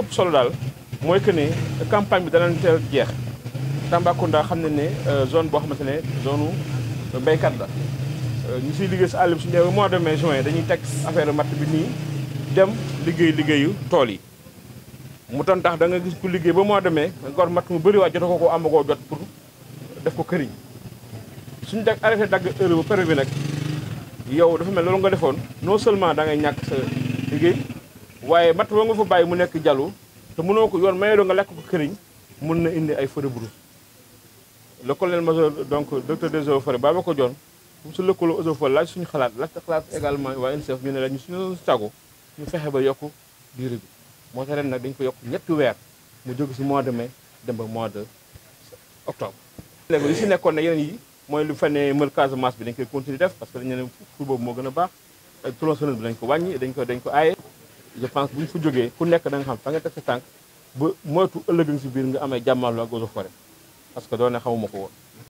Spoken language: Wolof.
ëpp solo daal mooy que ne campagne bi danañ teel jeex Tambacounda xam ne ne euh, zone boo xamante ne zone u béykat la euh, ñu siy liggéey si àll bi mois de mai juin dañuy teg affaire matt bi nii dem liggéey liggéeyu tool yi mu doon tax da nga gis liggéey ba mois de mai nga war matt mu bëri waay jota ko ko amagoo jot pour def ko këriñ suñ dag arrêté dagg heure bu période bi nag yow dafa mel loolu nga defoon non seulement da ngay ñàkk liggéey waaye matt ba nga fa bàyyi mu nekk jalu te mënoo ko yoon mayee doo nga lekk ko këriñ mun na indi ay feux de brousse le colonel major donc docteur des eaux forêts ko joon mu su lëkkaloo eaux forêts laaj suñu xalaat laaj xalaat également waa UNICEF ñu ne la ñu suñu sago fexe ba yokk durée bi moo tax ren nag dañ ko yokk ñetti weer mu jóg si mois de mai dem ba mois de octobre léegi si nekkoon ne yeneen yi mooy lu fa ne mën Casamance bi dañ koy continuer def parce que dañu ne fur boobu moo gën a baax tronçonneuse bi dañ ko wàññi dañ ko dañ ko aaye je pense bu ñu fa jógee ku nekk da nga xam fa nga teg si tànk ba moytu ëllëg si biir nga amee jàmmaloo ak eaux et forêt parce que doone xamuma ko woon.